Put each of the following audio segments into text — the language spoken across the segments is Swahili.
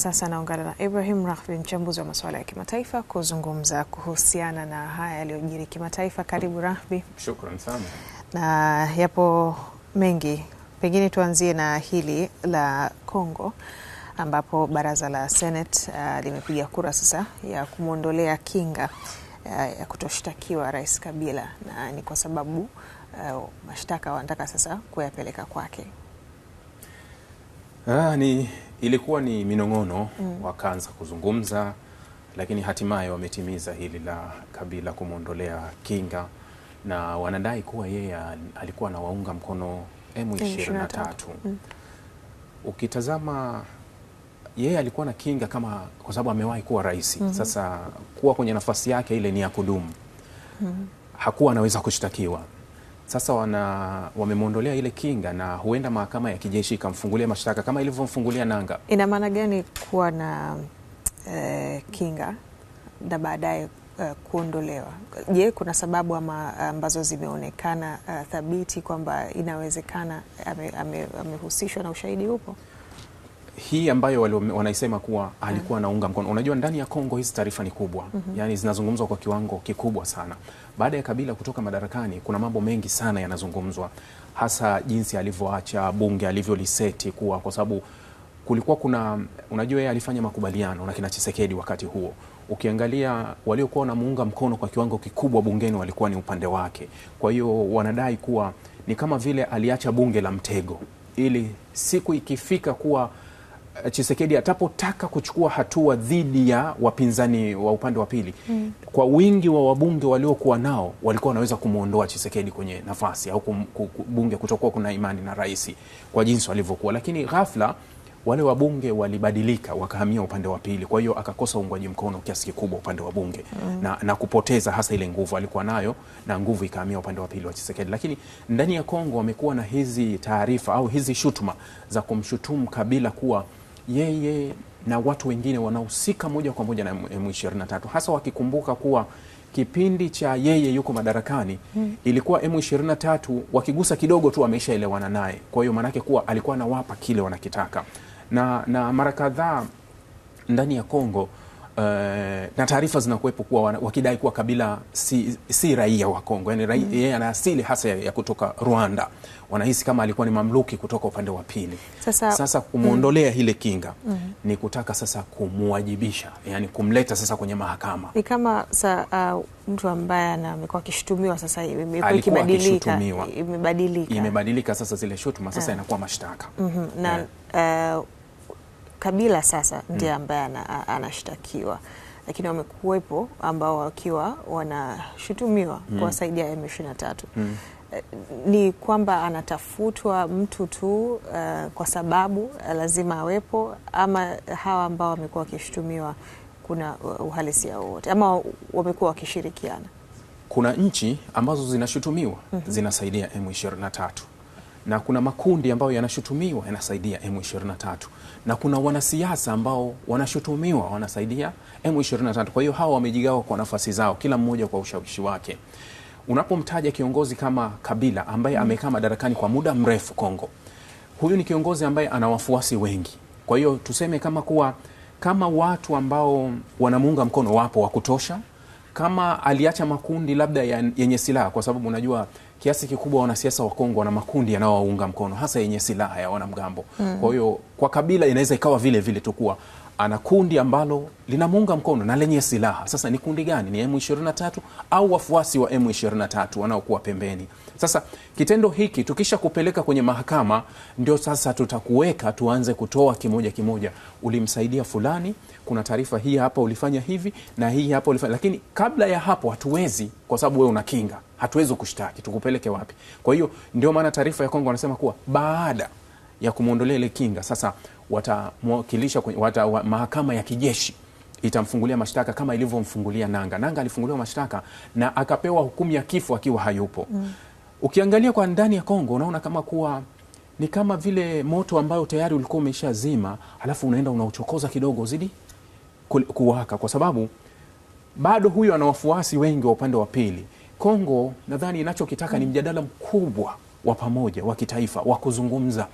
Sasa naungana na Ibrahim Rahbi, mchambuzi wa masuala ya kimataifa, kuzungumza kuhusiana na haya yaliyojiri kimataifa. Karibu Rahbi. Shukran sana. Na yapo mengi, pengine tuanzie na hili la congo ambapo baraza la Senate uh, limepiga kura sasa ya kumwondolea kinga uh, ya kutoshtakiwa Rais Kabila na ni kwa sababu uh, mashtaka wanataka sasa kuyapeleka kwake. Ah, ni ilikuwa ni minong'ono mm. Wakaanza kuzungumza, lakini hatimaye wametimiza hili la Kabila kumwondolea kinga, na wanadai kuwa yeye alikuwa anawaunga mkono M23 mm. Ukitazama yeye alikuwa na kinga kama kwa sababu amewahi kuwa rais mm -hmm. Sasa kuwa kwenye nafasi yake ile ni ya kudumu mm -hmm. Hakuwa anaweza kushtakiwa sasa wana wamemwondolea ile kinga na huenda mahakama ya kijeshi ikamfungulia mashtaka kama ilivyomfungulia Nanga. Ina maana gani kuwa na e, kinga na baadaye e, kuondolewa? Je, kuna sababu ama ambazo zimeonekana e, thabiti kwamba inawezekana amehusishwa ame, ame na ushahidi upo? hii ambayo wanaisema kuwa mm. alikuwa anaunga mkono. Unajua, ndani ya Kongo hizi taarifa ni kubwa mm -hmm. Yani zinazungumzwa kwa kiwango kikubwa sana. Baada ya Kabila kutoka madarakani, kuna mambo mengi sana yanazungumzwa, hasa jinsi alivyoacha bunge alivyoliseti kuwa, kwa sababu kulikuwa kuna, unajua yeye alifanya makubaliano na kina Chisekedi wakati huo ukiangalia waliokuwa wanamuunga mkono kwa kiwango kikubwa bungeni walikuwa ni upande wake. Kwa hiyo wanadai kuwa ni kama vile aliacha bunge la mtego, ili siku ikifika kuwa Chisekedi atapotaka kuchukua hatua dhidi ya wapinzani wa upande wa pili mm. kwa wingi wa wabunge waliokuwa nao walikuwa wanaweza kumwondoa Chisekedi kwenye nafasi au kum, kum, bunge kutokuwa kuna imani na rais kwa jinsi walivyokuwa, lakini ghafla wale wabunge walibadilika wakahamia upande wa pili, kwa hiyo akakosa uungwaji mkono kiasi kikubwa upande wa bunge mm. na, na kupoteza hasa ile nguvu alikuwa nayo na nguvu ikahamia upande wa pili wa Chisekedi. Lakini ndani ya Kongo wamekuwa na hizi taarifa au hizi shutuma za kumshutumu Kabila kuwa yeye na watu wengine wanahusika moja kwa moja na M23, hasa wakikumbuka kuwa kipindi cha yeye yuko madarakani hmm. ilikuwa M23 wakigusa kidogo tu wameshaelewana naye. Kwa hiyo maanake kuwa alikuwa anawapa kile wanakitaka, na, na mara kadhaa ndani ya Kongo Eh, na taarifa zinakuwepo kuwa wakidai kuwa Kabila si, si raia wa Kongo yani raia, mm. yeye ana asili hasa ya, ya kutoka Rwanda. Wanahisi kama alikuwa ni mamluki kutoka upande wa pili. Sasa, sasa kumwondolea mm. ile kinga mm. ni kutaka sasa kumwajibisha, yani kumleta sasa kwenye mahakama. Ni kama sa, uh, mtu ambaye amekuwa akishutumiwa sasa imebadilika, imebadilika, imebadilika sasa zile shutuma sasa eh. inakuwa mashtaka mm -hmm. na yeah. uh, Kabila sasa ndiye mm. ambaye anashtakiwa ana lakini wamekuwepo ambao wakiwa wanashutumiwa mm. kuwasaidia M23 mm. Eh, ni kwamba anatafutwa mtu tu uh, kwa sababu eh, lazima awepo, ama hawa ambao wamekuwa wakishutumiwa kuna uh, uhalisia wowote, ama wamekuwa wakishirikiana? Kuna nchi ambazo zinashutumiwa mm -hmm. zinasaidia M23 na kuna makundi ambayo yanashutumiwa yanasaidia M23 na kuna wanasiasa ambao wanashutumiwa wanasaidia M23. Kwa hiyo hawa wamejigawa kwa nafasi zao, kila mmoja kwa ushawishi wake. Unapomtaja kiongozi kama Kabila ambaye mm. amekaa madarakani kwa muda mrefu Kongo, huyu ni kiongozi ambaye ana wafuasi wengi. Kwa hiyo tuseme kama kuwa kama watu ambao wanamuunga mkono wapo wa kutosha, kama aliacha makundi labda yenye silaha, kwa sababu unajua kiasi kikubwa wanasiasa wa Kongo wana makundi yanayowaunga mkono hasa yenye silaha ya wanamgambo mm. Kwa hiyo kwa Kabila inaweza ikawa vile vile tu kuwa ana kundi ambalo linamuunga mkono na lenye silaha. Sasa ni kundi gani? Ni M23 au wafuasi wa M23 wanaokuwa pembeni? Sasa kitendo hiki tukisha kupeleka kwenye mahakama, ndio sasa tutakuweka tuanze kutoa kimoja kimoja, ulimsaidia fulani, kuna taarifa hii hapa, ulifanya hivi na hii hapa ulifanya, lakini kabla ya hapo hatuwezi, kwa sababu wewe una kinga hatuwezi kushtaki, tukupeleke wapi? Kwa hiyo ndio maana taarifa ya Kongo wanasema kuwa baada ya kumwondolea ile kinga sasa watamwakilisha wata, wa, mahakama ya kijeshi itamfungulia mashtaka kama ilivyomfungulia Nanga. Nanga alifunguliwa mashtaka na akapewa hukumu ya kifo akiwa hayupo mm. Ukiangalia kwa ndani ya Kongo unaona kama kuwa ni kama vile moto ambayo tayari ulikuwa umeshazima, alafu unaenda unauchokoza kidogo zidi kuwaka, kwa sababu bado huyo ana wafuasi wengi wa upande wa pili. Kongo nadhani inachokitaka mm. ni mjadala mkubwa wa pamoja wa kitaifa wa kuzungumza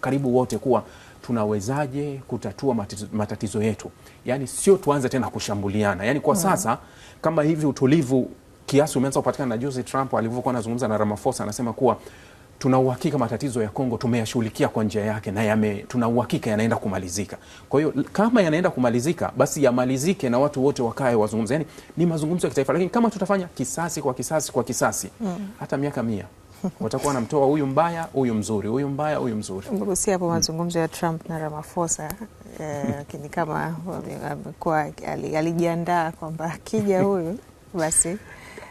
karibu wote kuwa tunawezaje kutatua matatizo, matatizo yetu, yaani sio tuanze tena kushambuliana. Yaani kwa mm. sasa kama hivi utulivu kiasi umeanza kupatikana na Jose Trump alivyokuwa anazungumza na Ramaphosa, anasema kuwa tuna uhakika matatizo ya Kongo tumeyashughulikia kwa njia yake na yame, tuna uhakika yanaenda kumalizika. Kwa hiyo kama yanaenda kumalizika, basi yamalizike na watu wote wakae wazungumze, yani ni mazungumzo ya kitaifa. Lakini kama tutafanya kisasi kwa kisasi kwa kisasi mm. hata miaka mia watakuwa wanamtoa huyu mbaya huyu mzuri huyu mbaya huyu mzuri. Umegusia hapo hmm. mazungumzo ya Trump na Ramaphosa, eh, lakini eh, kama amekuwa alijiandaa kwamba akija huyu basi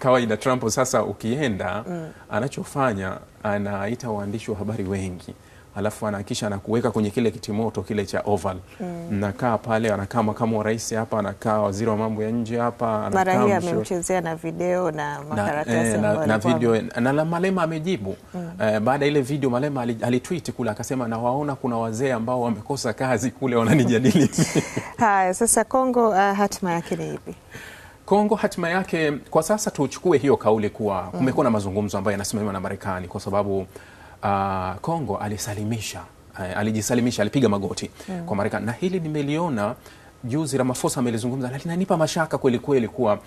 kawaida Trump sasa ukienda mm. anachofanya anaita waandishi wa habari wengi alafu anahakisha anakuweka kwenye kile kitimoto kile cha Oval mm. nakaa pale, anakaa makamu wa rais hapa, anakaa waziri wa mambo ya nje hapa. Mara hii amemchezea na video na makaratasi eh, na, na, na video na la Malema amejibu mm. eh, baada ile video Malema alitweet kule akasema, nawaona kuna wazee ambao wamekosa kazi kule wananijadili. Haya, sasa Kongo, uh, hatima yake ni ipi? Kongo hatima yake kwa sasa, tuchukue hiyo kauli kuwa kumekuwa na mazungumzo ambayo yanasimamiwa na Marekani kwa sababu uh, Kongo alisalimisha uh, alijisalimisha, alipiga magoti mm. kwa Marekani, na hili nimeliona juzi Ramaphosa amelizungumza, na linanipa mashaka kweli kweli kuwa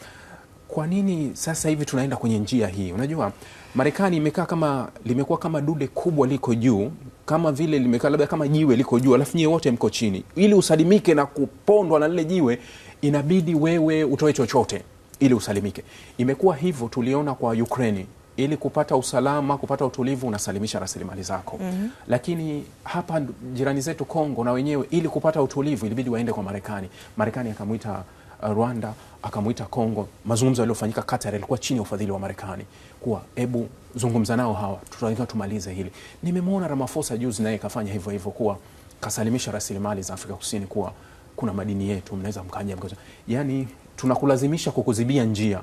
kwa nini sasa hivi tunaenda kwenye njia hii? Unajua, Marekani imekaa kama limekuwa kama dude kubwa liko juu, kama vile limekaa labda kama jiwe liko juu, alafu nyie wote mko chini, ili usalimike na kupondwa na lile jiwe inabidi wewe utoe chochote ili usalimike. Imekuwa hivyo, tuliona kwa Ukraini ili kupata usalama, kupata utulivu, unasalimisha rasilimali zako mm -hmm. Lakini hapa jirani zetu Kongo na wenyewe ili kupata utulivu ilibidi waende kwa Marekani. Marekani akamwita uh, Rwanda akamwita Kongo. Mazungumzo yaliyofanyika katar yalikuwa chini ya ufadhili wa Marekani, kuwa hebu zungumza nao hawa, tunataka tumalize hili. Nimemwona ramafosa juzi naye kafanya hivyo hivyo, kuwa kasalimisha rasilimali za Afrika Kusini kuwa kuna madini yetu, mnaweza mkaja mkaja. Yani tunakulazimisha kukuzibia njia,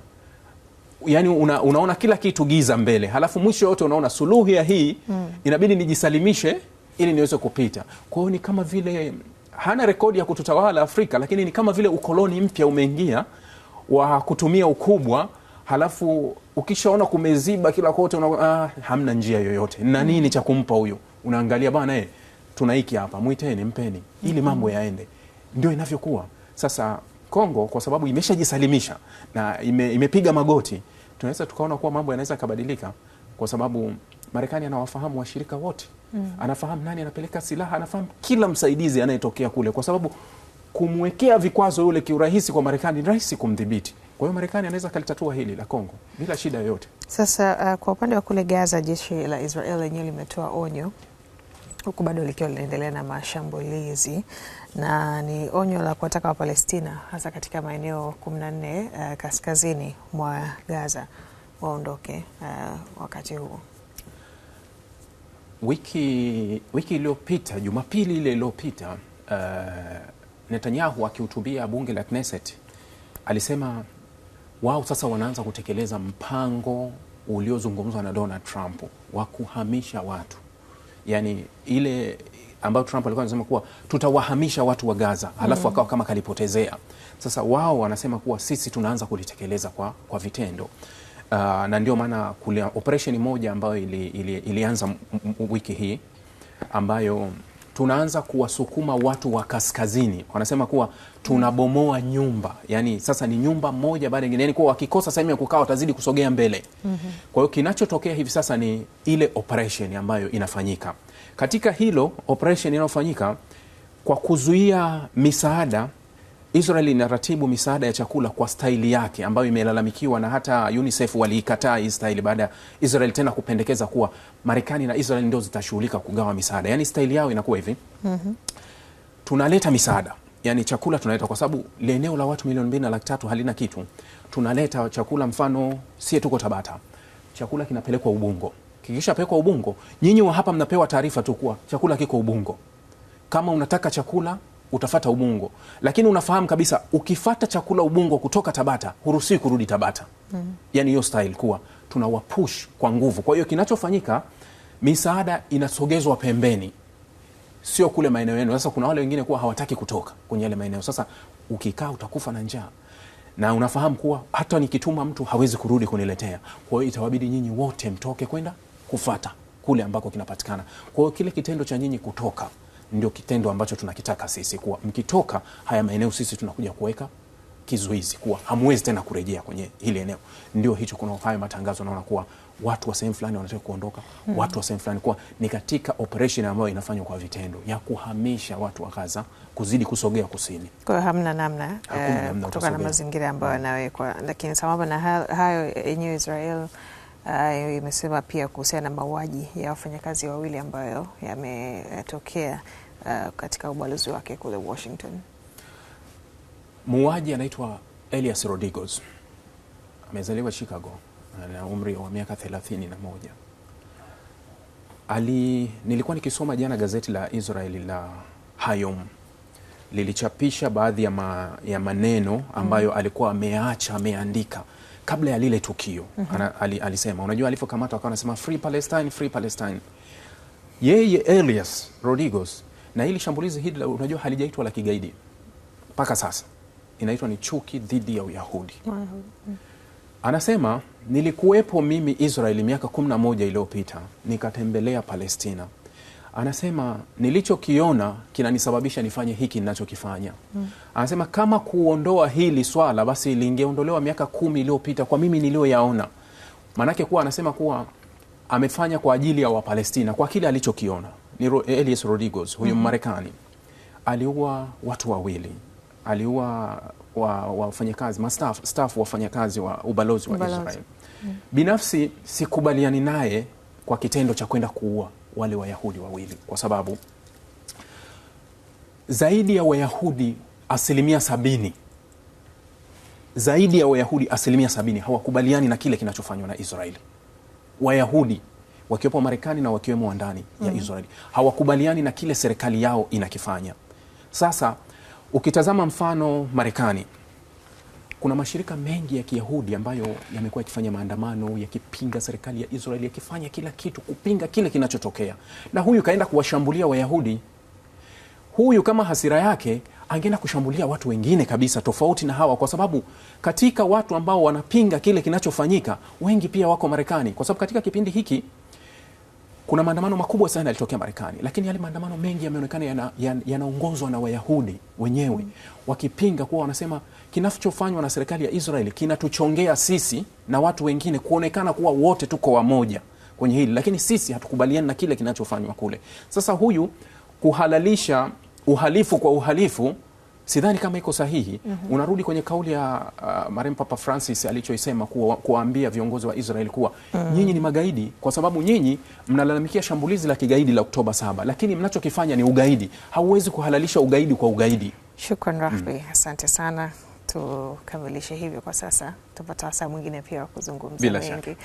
yani una, unaona kila kitu giza mbele, halafu mwisho yote unaona suluhu ya hii mm. inabidi nijisalimishe ili niweze kupita. Kwa hiyo ni kama vile hana rekodi ya kututawala Afrika, lakini ni kama vile ukoloni mpya umeingia wa kutumia ukubwa halafu ukishaona kumeziba kila kote una, ah, hamna njia yoyote na nini cha kumpa huyo, unaangalia bana, eh tuna hiki hapa, mwiteni, mpeni ili mambo yaende ndio inavyokuwa sasa. Kongo kwa sababu imeshajisalimisha na ime, imepiga magoti, tunaweza tukaona kuwa mambo yanaweza kabadilika kwa sababu Marekani anawafahamu washirika wote mm. Anafahamu nani anapeleka silaha, anafahamu kila msaidizi anayetokea kule, kwa sababu kumwekea vikwazo yule kiurahisi kwa Marekani ni rahisi kumdhibiti. Kwa hiyo Marekani anaweza akalitatua hili la Kongo bila shida yoyote. Sasa uh, kwa upande wa kule Gaza, jeshi la Israel lenyewe limetoa onyo huku bado likiwa linaendelea na mashambulizi na ni onyo la kuwataka Wapalestina hasa katika maeneo nne uh, kaskazini mwa Gaza waondoke uh, wakati huo. Wiki wiki iliyopita Jumapili ile iliyopita uh, Netanyahu akihutubia bunge la Knesset alisema wao sasa wanaanza kutekeleza mpango uliozungumzwa na Donald Trump wa kuhamisha watu yani ile ambayo Trump alikuwa anasema kuwa tutawahamisha watu wa Gaza, alafu mm. akawa kama kalipotezea. Sasa wao wanasema kuwa sisi tunaanza kulitekeleza kwa, kwa vitendo uh, na ndio maana kule operesheni moja ambayo ili, ili, ilianza wiki hii ambayo tunaanza kuwasukuma watu wa kaskazini, wanasema kuwa tunabomoa nyumba, yani sasa ni nyumba moja baada nyingine, yani kuwa wakikosa sehemu ya kukaa watazidi kusogea mbele. mm -hmm. Kwa hiyo kinachotokea hivi sasa ni ile operation ambayo inafanyika katika hilo, operation inayofanyika kwa kuzuia misaada Israel inaratibu misaada ya chakula kwa staili yake ambayo imelalamikiwa na hata UNICEF waliikataa hii staili baada ya Israel tena kupendekeza kuwa Marekani na Israel ndio zitashughulika kugawa misaada. Yani staili yao inakuwa hivi. Mm -hmm. Tunaleta misaada. yani chakula tunaleta kwa sababu eneo la watu milioni mbili na laki tatu halina kitu. Tunaleta chakula mfano sie tuko Tabata. Chakula kinapelekwa Ubungo. Kikishapelekwa Ubungo, nyinyi wa hapa mnapewa taarifa tu kuwa chakula kiko Ubungo. Kama unataka chakula utafata Ubungo, lakini unafahamu kabisa ukifata chakula Ubungo kutoka Tabata huruhusiwi kurudi Tabata. mm. Yani hiyo style kuwa tunawapush kwa nguvu. Kwa hiyo kinachofanyika, misaada inasogezwa pembeni, sio kule maeneo yenu. Sasa kuna wale wengine kuwa hawataki kutoka kwenye yale maeneo. Sasa ukikaa utakufa na njaa, na unafahamu kuwa hata nikituma mtu hawezi kurudi kuniletea. Kwa hiyo itawabidi nyinyi wote mtoke kwenda kufata kule ambako kinapatikana. Kwa hiyo kile kitendo cha nyinyi kutoka ndio kitendo ambacho tunakitaka sisi, kuwa mkitoka haya maeneo sisi tunakuja kuweka kizuizi kuwa hamwezi tena kurejea kwenye hili eneo. Ndio hicho, kuna haya matangazo, naona kuwa watu wa sehemu fulani wanataka kuondoka hmm. watu wa sehemu fulani, kuwa ni katika operation ambayo inafanywa kwa vitendo ya kuhamisha watu wa Gaza kuzidi kusogea kusini. Kwa hiyo hamna namna, kutoka eh, kutokana na mazingira ambayo hmm. yanawekwa, lakini sababu na hayo yenyewe Israel Uh, imesema pia kuhusiana na mauaji ya wafanyakazi wawili ambayo yametokea uh, katika ubalozi wake kule Washington. Muuaji anaitwa Elias Rodriguez amezaliwa Chicago, na umri wa miaka 31. Ali, nilikuwa nikisoma jana gazeti la israel la Hayom lilichapisha baadhi ya, ma, ya maneno ambayo mm, alikuwa ameacha ameandika kabla ya lile tukio mm -hmm. ali, alisema unajua, alipokamatwa akawa anasema free Palestine, free Palestine. Yeye Elias Rodriguez na hili shambulizi hili unajua halijaitwa la kigaidi mpaka sasa, inaitwa ni chuki dhidi ya Uyahudi. Anasema nilikuwepo mimi Israeli miaka 11 iliyopita nikatembelea Palestina Anasema nilichokiona kinanisababisha nifanye hiki ninachokifanya. Mm. Anasema kama kuondoa hili swala basi lingeondolewa miaka kumi iliyopita kwa mimi niliyoyaona. Maanake kuwa anasema kuwa amefanya kwa ajili ya Wapalestina kwa kile alichokiona. Ni Elias Rodriguez huyu Mmarekani. Mm-hmm. Mm. Aliua watu wawili. Aliua wa wafanyakazi mastafu wafanyakazi wa ubalozi wa Israel. Mm. Binafsi sikubaliani naye kwa kitendo cha kwenda kuua wale Wayahudi wawili, kwa sababu zaidi ya Wayahudi asilimia sabini zaidi ya Wayahudi asilimia sabini hawakubaliani na kile kinachofanywa na Israeli. Wayahudi wakiwepo Marekani na wakiwemo wa ndani mm -hmm. ya Israeli hawakubaliani na kile serikali yao inakifanya. Sasa ukitazama mfano Marekani kuna mashirika mengi ya Kiyahudi ambayo yamekuwa yakifanya maandamano yakipinga serikali ya Israeli, yakifanya kila kitu kupinga kile kinachotokea, na huyu kaenda kuwashambulia Wayahudi. Huyu kama hasira yake angeenda kushambulia watu wengine kabisa tofauti na hawa, kwa sababu katika watu ambao wanapinga kile kinachofanyika wengi pia wako Marekani, kwa sababu katika kipindi hiki kuna maandamano makubwa sana yalitokea Marekani, lakini yale maandamano mengi yameonekana yanaongozwa yana na Wayahudi wenyewe mm. wakipinga kuwa wanasema kinachofanywa na serikali ya Israeli kinatuchongea sisi na watu wengine kuonekana kuwa wote tuko wamoja kwenye hili, lakini sisi hatukubaliani na kile kinachofanywa kule. Sasa huyu kuhalalisha uhalifu kwa uhalifu sidhani kama iko sahihi. mm -hmm. Unarudi kwenye kauli ya uh, marehemu Papa Francis alichoisema kuwa, kuwaambia viongozi wa Israel kuwa mm -hmm. nyinyi ni magaidi kwa sababu nyinyi mnalalamikia shambulizi la kigaidi la Oktoba saba, lakini mnachokifanya ni ugaidi. Hauwezi kuhalalisha ugaidi kwa ugaidi. Shukran Rahbi. mm -hmm. Asante sana, tukamilishe hivyo kwa sasa, tupata wasaa mwingine pia wa kuzungumza mengi.